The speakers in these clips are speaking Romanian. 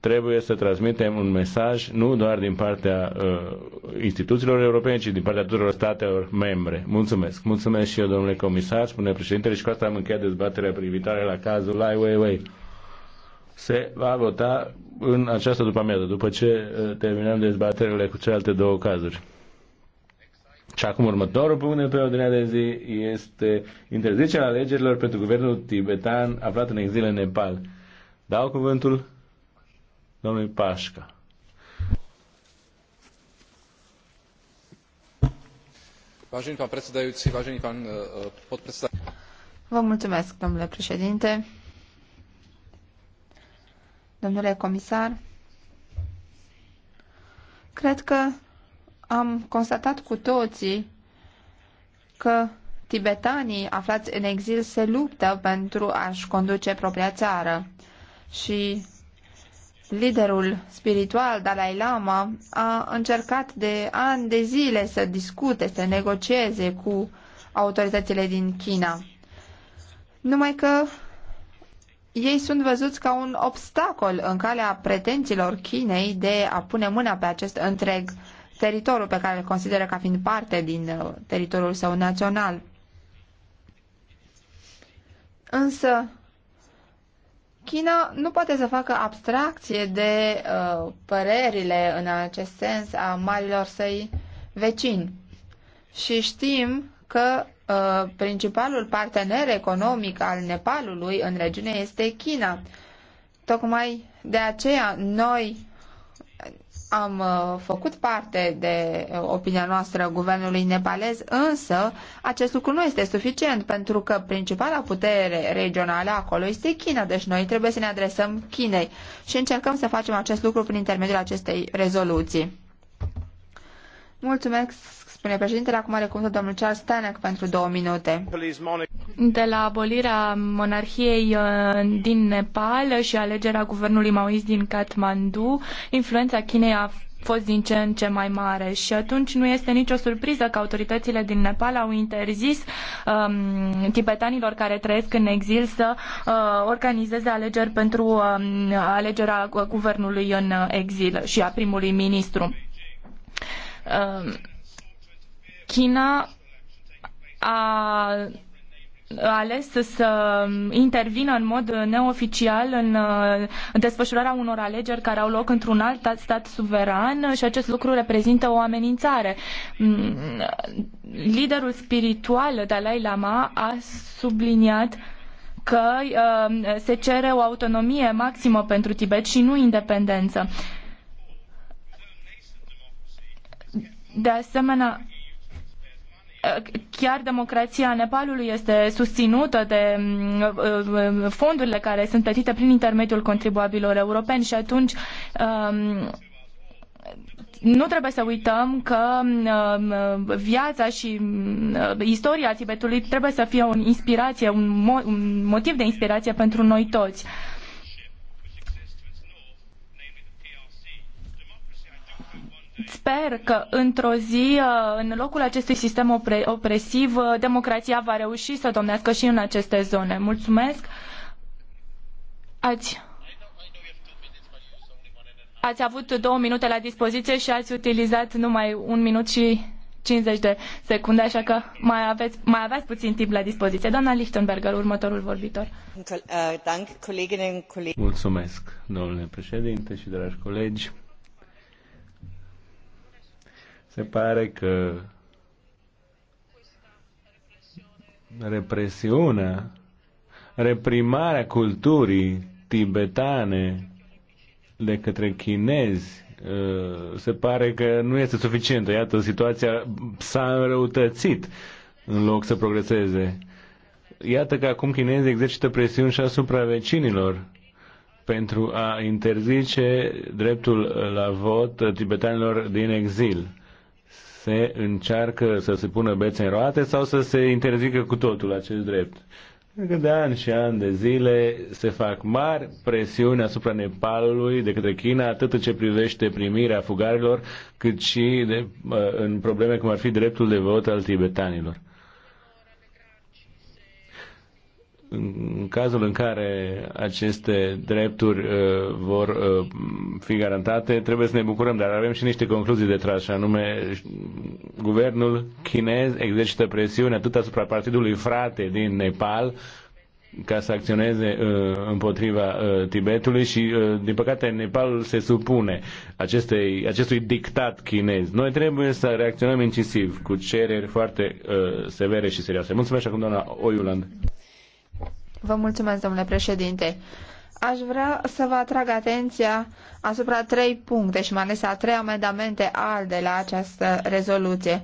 trebuie să transmitem un mesaj nu doar din partea uh, instituțiilor europene, ci din partea tuturor statelor membre. Mulțumesc. Mulțumesc și eu, domnule comisar, spune președintele, și cu asta am încheiat dezbaterea privitoare la cazul Lai Weiwei. Se va vota în această după-amiază, după ce uh, terminăm dezbaterile cu celelalte două cazuri. Și acum următorul punct pe ordinea de zi este interzicerea alegerilor pentru guvernul tibetan aflat în exil în Nepal. Dau cuvântul domnului Pașca. Vážený pán predsedajúci, vážený pán Vă mulțumesc, domnule președinte. Domnule comisar, cred că am constatat cu toții că tibetanii aflați în exil se luptă pentru a-și conduce propria țară și Liderul spiritual, Dalai Lama, a încercat de ani de zile să discute, să negocieze cu autoritățile din China. Numai că ei sunt văzuți ca un obstacol în calea pretențiilor Chinei de a pune mâna pe acest întreg teritoriu pe care îl consideră ca fiind parte din uh, teritoriul său național. Însă, China nu poate să facă abstracție de uh, părerile în acest sens a marilor săi vecini. Și știm că uh, principalul partener economic al Nepalului în regiune este China. Tocmai de aceea noi am uh, făcut parte de uh, opinia noastră guvernului nepalez, însă acest lucru nu este suficient pentru că principala putere regională acolo este China, deci noi trebuie să ne adresăm Chinei și încercăm să facem acest lucru prin intermediul acestei rezoluții. Mulțumesc spune președintele. Acum are cuvântul domnul Charles Stanek pentru două minute. De la abolirea monarhiei uh, din Nepal și alegerea guvernului maoist din Kathmandu, influența Chinei a fost din ce în ce mai mare și atunci nu este nicio surpriză că autoritățile din Nepal au interzis um, tibetanilor care trăiesc în exil să uh, organizeze alegeri pentru um, alegerea guvernului în uh, exil și a primului ministru. Um, China a ales să intervină în mod neoficial în desfășurarea unor alegeri care au loc într-un alt stat suveran și acest lucru reprezintă o amenințare. Liderul spiritual Dalai Lama a subliniat că um, se cere o autonomie maximă pentru Tibet și nu independență. De asemenea, Chiar democrația Nepalului este susținută de mm, mm, mm, fondurile care sunt plătite prin intermediul contribuabilor europeni și atunci nu trebuie să uităm că viața și istoria Tibetului trebuie să fie o inspirație, un, motiv de inspirație pentru noi toți. Sper că într-o zi, uh, în locul acestui sistem opresiv, uh, democrația va reuși să domnească și în aceste zone. Mulțumesc! Ați, ați avut două minute la dispoziție și ați utilizat numai un minut și 50 de secunde, așa că mai aveți, mai aveți puțin timp la dispoziție. Doamna Lichtenberger, următorul vorbitor. Mulțumesc, uh, domnule președinte și dragi colegi. Se pare că represiunea, reprimarea culturii tibetane de către chinezi uh, se pare că nu este suficientă. Iată, situația s-a înrăutățit în loc să progreseze. Iată că acum chinezii exercită presiuni și asupra vecinilor pentru a interzice dreptul la vot tibetanilor din exil se încearcă să se pună bețe în roate sau să se interzică cu totul acest drept. Că de ani și ani de zile se fac mari presiuni asupra Nepalului de către China, atât în ce privește primirea fugarilor, cât și de, uh, în probleme cum ar fi dreptul de vot al tibetanilor. în cazul în care aceste drepturi uh, vor uh, fi garantate, trebuie să ne bucurăm, dar avem și niște concluzii de tras, anume guvernul chinez exercită presiune atât asupra partidului frate din Nepal, ca să acționeze uh, împotriva uh, Tibetului și, uh, din păcate, Nepal se supune acestei, acestui dictat chinez. Noi trebuie să reacționăm incisiv, cu cereri foarte uh, severe și serioase. Mulțumesc acum, doamna Oiuland. Vă mulțumesc, domnule președinte. Aș vrea să vă atrag atenția asupra trei puncte și mai ales a trei amendamente alde la această rezoluție.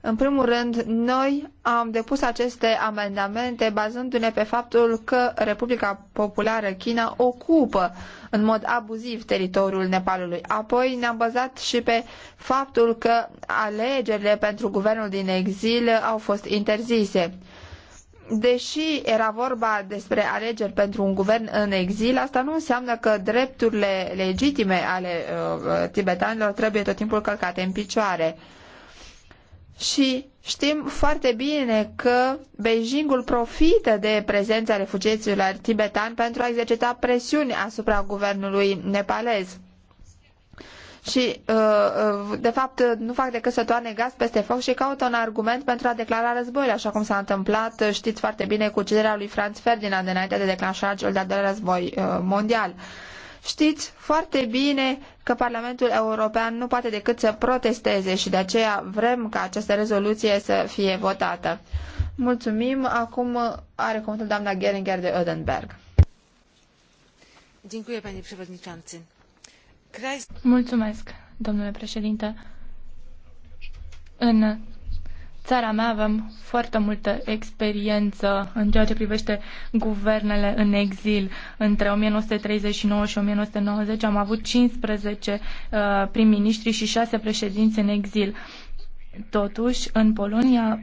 În primul rând, noi am depus aceste amendamente bazându-ne pe faptul că Republica Populară China ocupă în mod abuziv teritoriul Nepalului. Apoi ne-am bazat și pe faptul că alegerile pentru guvernul din exil au fost interzise deși era vorba despre alegeri pentru un guvern în exil, asta nu înseamnă că drepturile legitime ale uh, uh tibetanilor trebuie tot timpul călcate în picioare. Și știm foarte bine că Beijingul profită de prezența refugiaților tibetani pentru a exercita presiuni asupra guvernului nepalez și, uh, uh, de fapt, nu fac decât să toarne gaz peste foc și caută un argument pentru a declara războiul, așa cum s-a întâmplat, uh, știți foarte bine, cu uciderea lui Franz Ferdinand înainte de declanșarea celui de-al doilea război mondial. Știți foarte bine că Parlamentul European nu poate decât să protesteze și de aceea vrem ca această rezoluție să fie votată. Mulțumim. Acum are cuvântul doamna Geringer de Oedenberg. Dziękuję, panie przewodniczący Mulțumesc, domnule președinte. În țara mea avem foarte multă experiență în ceea ce privește guvernele în exil. Între 1939 și 1990 am avut 15 uh, prim-ministri și 6 președinți în exil. Totuși, în Polonia,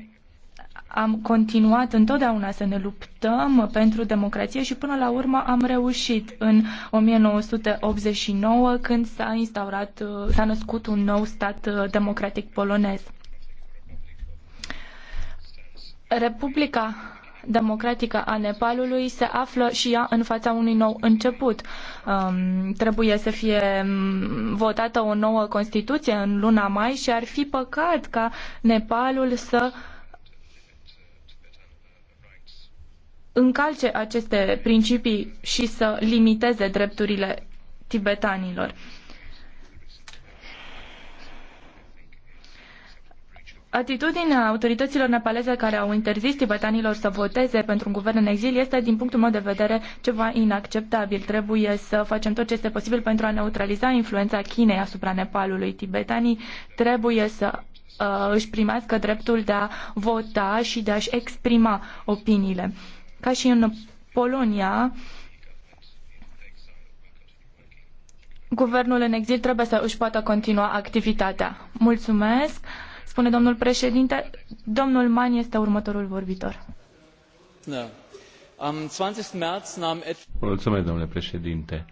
am continuat întotdeauna să ne luptăm pentru democrație și până la urmă am reușit în 1989 când s-a instaurat, uh, s-a născut un nou stat uh, democratic polonez. Republica democratică a Nepalului se află și ea în fața unui nou început. Um, trebuie să fie um, votată o nouă Constituție în luna mai și ar fi păcat ca Nepalul să încalce aceste principii și să limiteze drepturile tibetanilor. Atitudinea autorităților nepaleze care au interzis tibetanilor să voteze pentru un guvern în exil este, din punctul meu de vedere, ceva inacceptabil. Trebuie să facem tot ce este posibil pentru a neutraliza influența Chinei asupra Nepalului. Tibetanii trebuie să uh, își primească dreptul de a vota și de a-și exprima opiniile. Ca și în Polonia, guvernul în exil trebuie să își poată continua activitatea. Mulțumesc, spune domnul președinte. Domnul Mann este următorul vorbitor. Da. Mulțumesc, domnule președinte.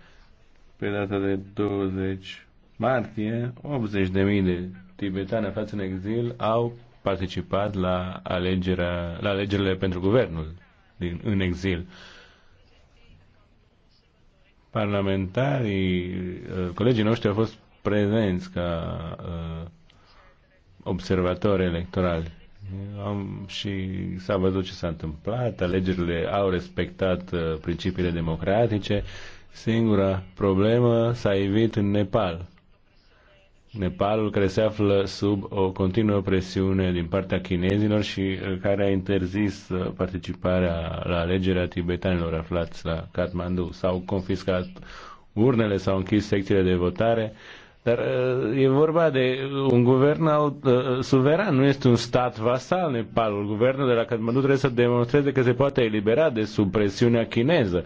Pe data de 20 martie, 80.000 de tibetani aflați în exil au participat la, alegerea, la alegerile pentru guvernul din, în exil. Parlamentarii, uh, colegii noștri au fost prezenți ca uh, observatori electorali. Am, și s-a văzut ce s-a întâmplat, alegerile au respectat uh, principiile democratice, singura problemă s-a evit în Nepal Nepalul care se află sub o continuă presiune din partea chinezilor și uh, care a interzis uh, participarea la alegerea tibetanilor aflați la Kathmandu. S-au confiscat urnele, s-au închis secțiile de votare, dar uh, e vorba de un guvern suveran, nu este un stat vasal Nepalul. Guvernul de la Kathmandu trebuie să demonstreze că se poate elibera de sub presiunea chineză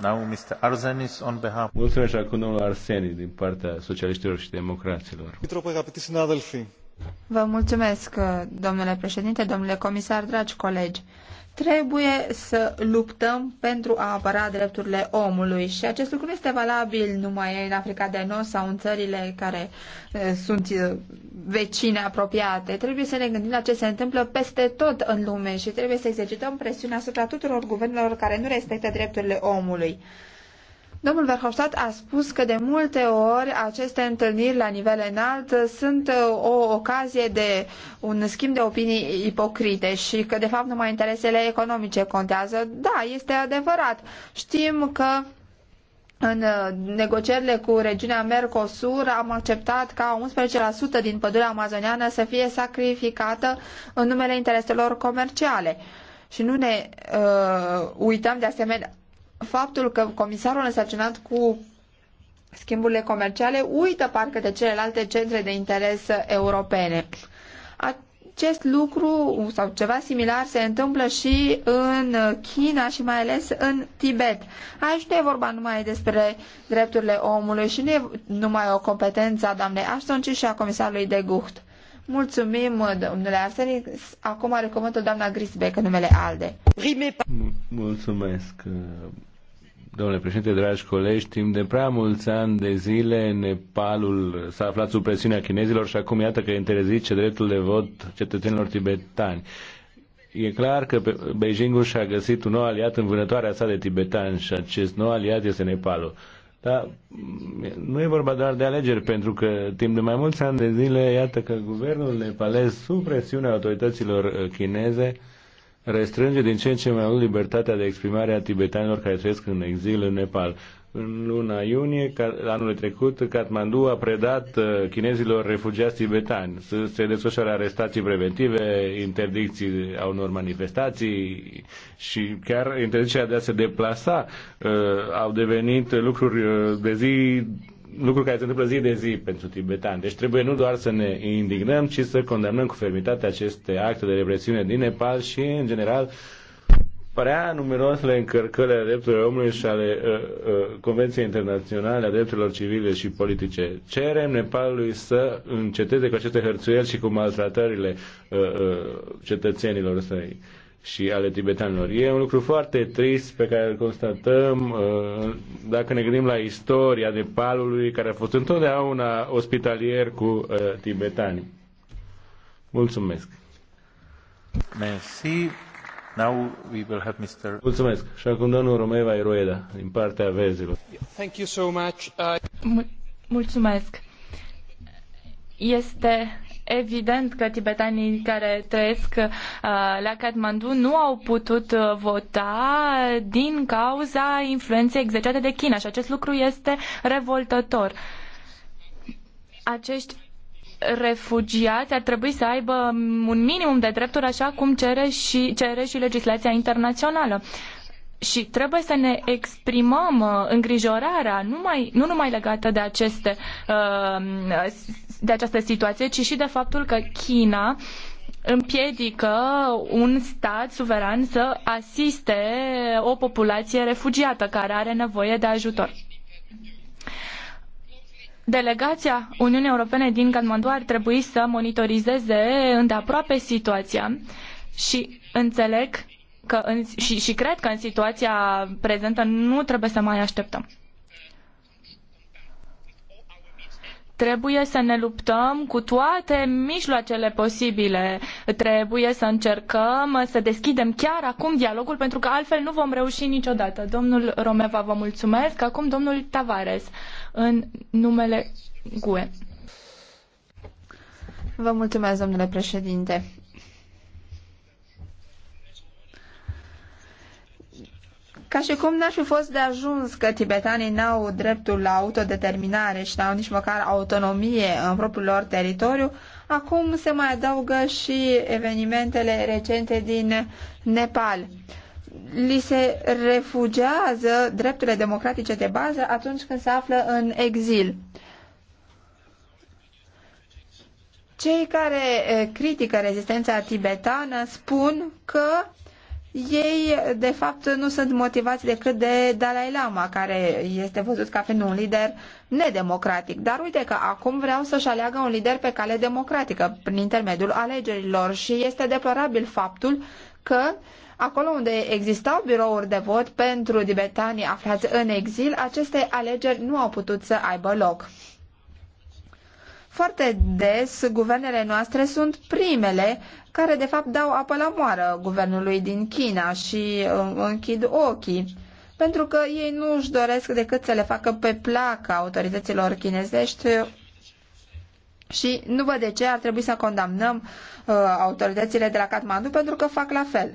Now, Mr. Arsenis, on behalf... Mulțumesc acum domnul Arsenis din partea socialiștilor și democraților. Vă mulțumesc, domnule președinte, domnule comisar, dragi colegi. Trebuie să luptăm pentru a apăra drepturile omului și acest lucru nu este valabil numai în Africa de Nord sau în țările care eh, sunt eh, vecine apropiate. Trebuie să ne gândim la ce se întâmplă peste tot în lume și trebuie să exercităm presiunea asupra tuturor guvernelor care nu respectă drepturile omului. Domnul Verhofstadt a spus că de multe ori aceste întâlniri la nivel înalt sunt uh, o ocazie de un schimb de opinii ipocrite și că de fapt numai interesele economice contează. Da, este adevărat. Știm că în uh, negocierile cu regiunea Mercosur am acceptat ca 11% din pădurea amazoniană să fie sacrificată în numele intereselor comerciale. Și nu ne uh, uităm de asemenea faptul că comisarul însărcinat cu schimburile comerciale uită parcă de celelalte centre de interes europene. Acest lucru sau ceva similar se întâmplă și în China și mai ales în Tibet. Aici nu e vorba numai despre drepturile omului și nu e numai o competență a doamnei Ashton, ci și a comisarului de Gucht. Mulțumim, domnule Arsenic. Acum are cuvântul doamna Grisbeck numele ALDE. Mulțumesc. Domnule președinte, dragi colegi, timp de prea mulți ani de zile Nepalul s-a aflat sub presiunea chinezilor și acum iată că interzice dreptul de vot cetățenilor tibetani. E clar că Beijingul și-a găsit un nou aliat în vânătoarea sa de tibetani și acest nou aliat este Nepalul. Dar mm, nu e vorba doar de alegeri, pentru că timp de mai mulți ani de zile, iată că guvernul nepalez, sub presiunea autorităților uh, chineze, restrânge din ce în ce mai mult libertatea de exprimare a tibetanilor care trăiesc în exil în Nepal. În luna iunie, anul trecut, Kathmandu a predat uh, chinezilor refugiați tibetani. Se desfășoară arestații preventive, interdicții a unor manifestații și chiar interdicția de a se deplasa uh, au devenit lucruri uh, de zi lucru care se întâmplă zi de zi pentru tibetani. Deci trebuie nu doar să ne indignăm, ci să condamnăm cu fermitate aceste acte de represiune din Nepal și, în general, prea numeroasele încărcări ale drepturilor omului și ale uh, uh, Convenției Internaționale a Drepturilor Civile și Politice. Cerem Nepalului să înceteze cu aceste hărțuieli și cu maltratările uh, uh, cetățenilor săi. Uh, și ale tibetanilor. E un lucru foarte trist pe care îl constatăm uh, dacă ne gândim la istoria de palului care a fost întotdeauna ospitalier cu uh, tibetani. Mulțumesc. Merci. Now we will have Mr. Mulțumesc. Și acum domnul Romeva Iroeda, din partea vezilor. Thank you so much. Uh... Mulțumesc. Este evident că tibetanii care trăiesc uh, la Kathmandu nu au putut uh, vota din cauza influenței exercitate de China și acest lucru este revoltător. Acești refugiați ar trebui să aibă un minimum de drepturi așa cum cere și, cere și legislația internațională. Și trebuie să ne exprimăm uh, îngrijorarea numai, nu numai legată de aceste uh, de această situație, ci și de faptul că China împiedică un stat suveran să asiste o populație refugiată care are nevoie de ajutor. Delegația Uniunii Europene din Kathmandu ar trebui să monitorizeze îndeaproape situația și înțeleg că în, și, și cred că în situația prezentă nu trebuie să mai așteptăm. Trebuie să ne luptăm cu toate mijloacele posibile. Trebuie să încercăm să deschidem chiar acum dialogul, pentru că altfel nu vom reuși niciodată. Domnul Romeva, vă mulțumesc. Acum domnul Tavares, în numele GUE. Vă mulțumesc, domnule președinte. Ca și cum n-ar fi fost de ajuns că tibetanii n-au dreptul la autodeterminare și n-au nici măcar autonomie în propriul lor teritoriu, acum se mai adaugă și evenimentele recente din Nepal. Li se refugiază drepturile democratice de bază atunci când se află în exil. Cei care eh, critică rezistența tibetană spun că ei de fapt nu sunt motivați decât de Dalai Lama, care este văzut ca fiind un lider nedemocratic. Dar uite că acum vreau să-și aleagă un lider pe cale democratică, prin intermediul alegerilor și este deplorabil faptul că acolo unde existau birouri de vot pentru tibetanii aflați în exil, aceste alegeri nu au putut să aibă loc. Foarte des, guvernele noastre sunt primele care, de fapt, dau apă la moară guvernului din China și uh, închid ochii, pentru că ei nu își doresc decât să le facă pe placă autorităților chinezești și nu văd de ce ar trebui să condamnăm uh, autoritățile de la Kathmandu pentru că fac la fel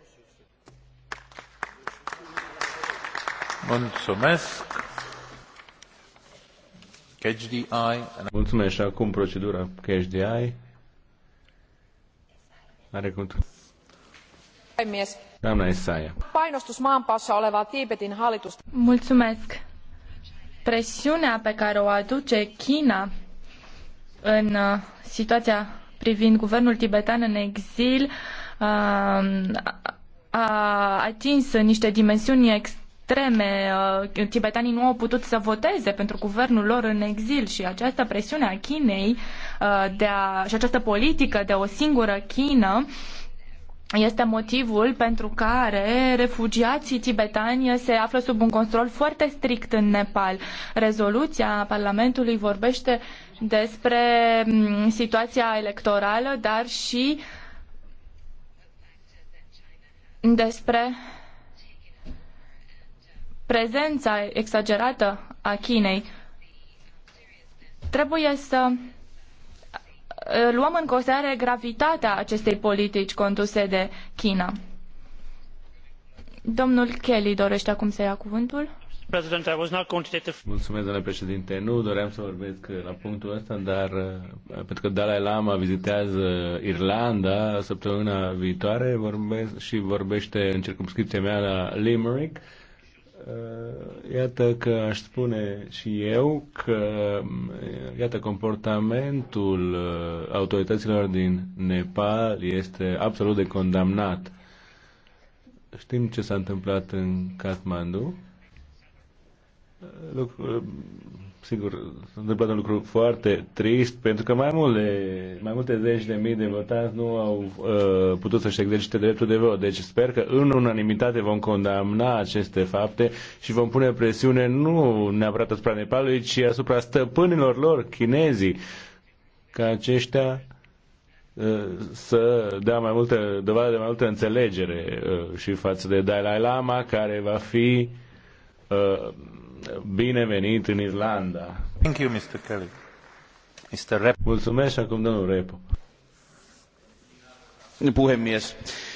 Mulțumesc. și acum procedura KHDI. Are cuvântul. Doamna Isaia. Painostus maanpaassa olevaa Tiibetin hallitusta. Mulțumesc. Presiunea pe care o aduce China în uh, situația privind guvernul tibetan în exil uh, a atins niște dimensiuni extreme extreme. Uh, tibetanii nu au putut să voteze pentru guvernul lor în exil și această presiune a Chinei uh, de a, și această politică de o singură Chină este motivul pentru care refugiații tibetani se află sub un control foarte strict în Nepal. Rezoluția Parlamentului vorbește despre mm, situația electorală, dar și despre prezența exagerată a Chinei, trebuie să uh, luăm în considerare gravitatea acestei politici conduse de China. Domnul Kelly dorește acum să ia cuvântul. Mulțumesc, domnule președinte. Nu doream să vorbesc uh, la punctul ăsta, dar uh, pentru că Dalai Lama vizitează Irlanda săptămâna viitoare vorbesc, și vorbește în circumscripția mea la Limerick Eh, iată că aș spune și eu că, mm, iată, comportamentul eh, autorităților din Nepal este absolut de condamnat. Știm ce s-a întâmplat în Kathmandu. Eh, lucru, sigur, s-a întâmplat un lucru foarte trist, pentru că mai, multe, mai multe zeci de mii de votanți nu au uh, putut să-și exercite dreptul de vot. Deci sper că în unanimitate vom condamna aceste fapte și vom pune presiune nu neapărat asupra Nepalului, ci asupra stăpânilor lor, chinezii, ca aceștia uh, să dea mai multă dovadă de mai multă înțelegere uh, și față de Dalai Lama, care va fi uh, binevenit în Irlanda. Thank you, Mr. Kelly. Mr. Rep. Mulțumesc acum domnul Repo. Puhemies,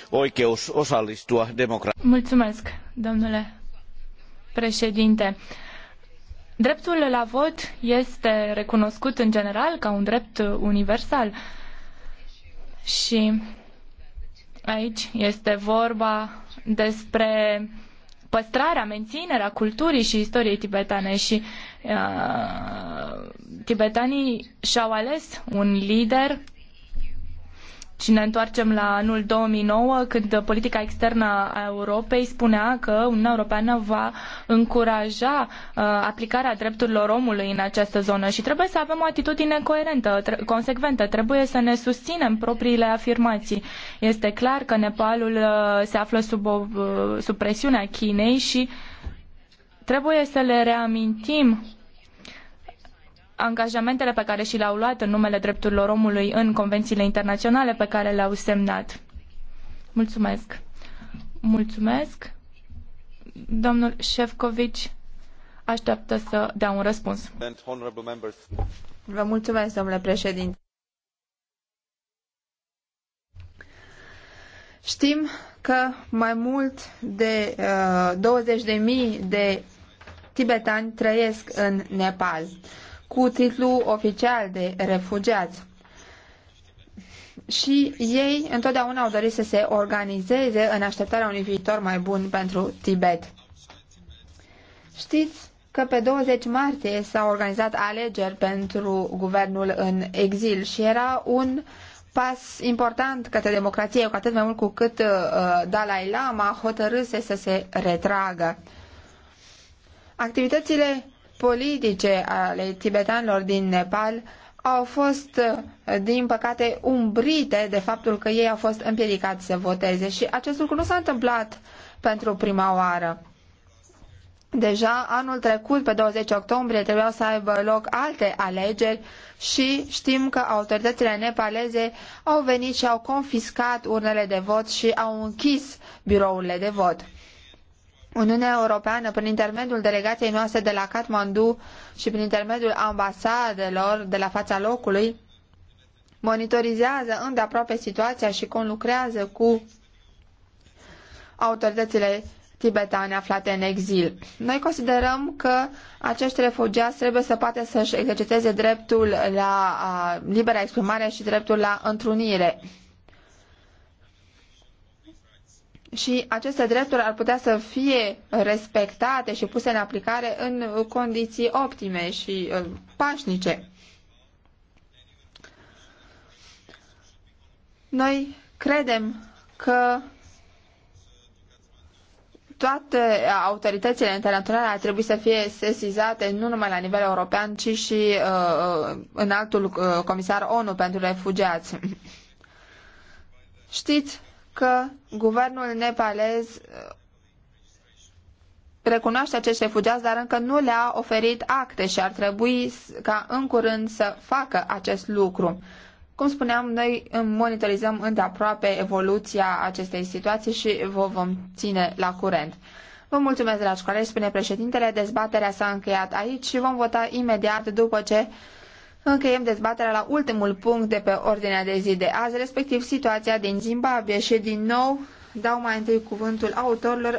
oikeus osallistua democratiaan. Mulțumesc, domnule președinte. Dreptul la vot este recunoscut în general ca un drept universal. Și aici este vorba despre păstrarea, menținerea culturii și istoriei tibetane și uh, tibetanii și-au ales un lider și ne întoarcem la anul 2009, când politica externă a Europei spunea că Uniunea Europeană va încuraja uh, aplicarea drepturilor omului în această zonă și trebuie să avem o atitudine coerentă, tre- consecventă, trebuie să ne susținem propriile afirmații. Este clar că Nepalul uh, se află sub, o, uh, sub presiunea Chinei și trebuie să le reamintim angajamentele pe care și le-au luat în numele drepturilor omului în convențiile internaționale pe care le-au semnat. Mulțumesc. Mulțumesc. Domnul Șefcovici așteaptă să dea un răspuns. Vă mulțumesc, domnule președinte. Știm că mai mult de uh, 20.000 de tibetani trăiesc în Nepal. Uh, cu titlu oficial de refugiați. Și ei întotdeauna au dorit să se organizeze în așteptarea unui viitor mai bun pentru Tibet. Știți că pe 20 martie s-au organizat alegeri pentru guvernul în exil și era un pas important către democrație, cu atât mai mult cu cât uh, Dalai Lama hotărâse să se retragă. Activitățile politice ale tibetanilor din Nepal au fost, eh, din păcate, umbrite de faptul că ei au fost împiedicați să voteze și acest lucru nu s-a întâmplat pentru prima oară. Deja anul trecut, pe 20 octombrie, trebuiau să aibă loc alte alegeri și știm că autoritățile nepaleze au venit și au confiscat urnele de vot și au închis birourile de vot. Uniunea Europeană, prin intermediul delegației noastre de la Kathmandu și prin intermediul ambasadelor de la fața locului, monitorizează îndeaproape situația și conlucrează cu autoritățile tibetane aflate în exil. Noi considerăm că acești refugiați trebuie să poată să-și exerciteze dreptul la libera exprimare și dreptul la întrunire. și aceste drepturi ar putea să fie respectate și puse în aplicare în condiții optime și uh, pașnice. Noi credem că toate autoritățile internaționale ar trebui să fie sesizate nu numai la nivel european, ci și uh, uh în altul uh, comisar ONU pentru refugiați. Știți că guvernul nepalez uh, recunoaște acești refugiați, dar încă nu le-a oferit acte și ar trebui ca în curând să facă acest lucru. Cum spuneam, noi monitorizăm îndeaproape evoluția acestei situații și vă vom ține la curent. Vă mulțumesc, dragi colegi, spune președintele. Dezbaterea s-a încheiat aici și vom vota imediat după ce Încheiem dezbaterea la ultimul punct de pe ordinea de zi de azi, respectiv situația din Zimbabwe și din nou dau mai întâi cuvântul autorilor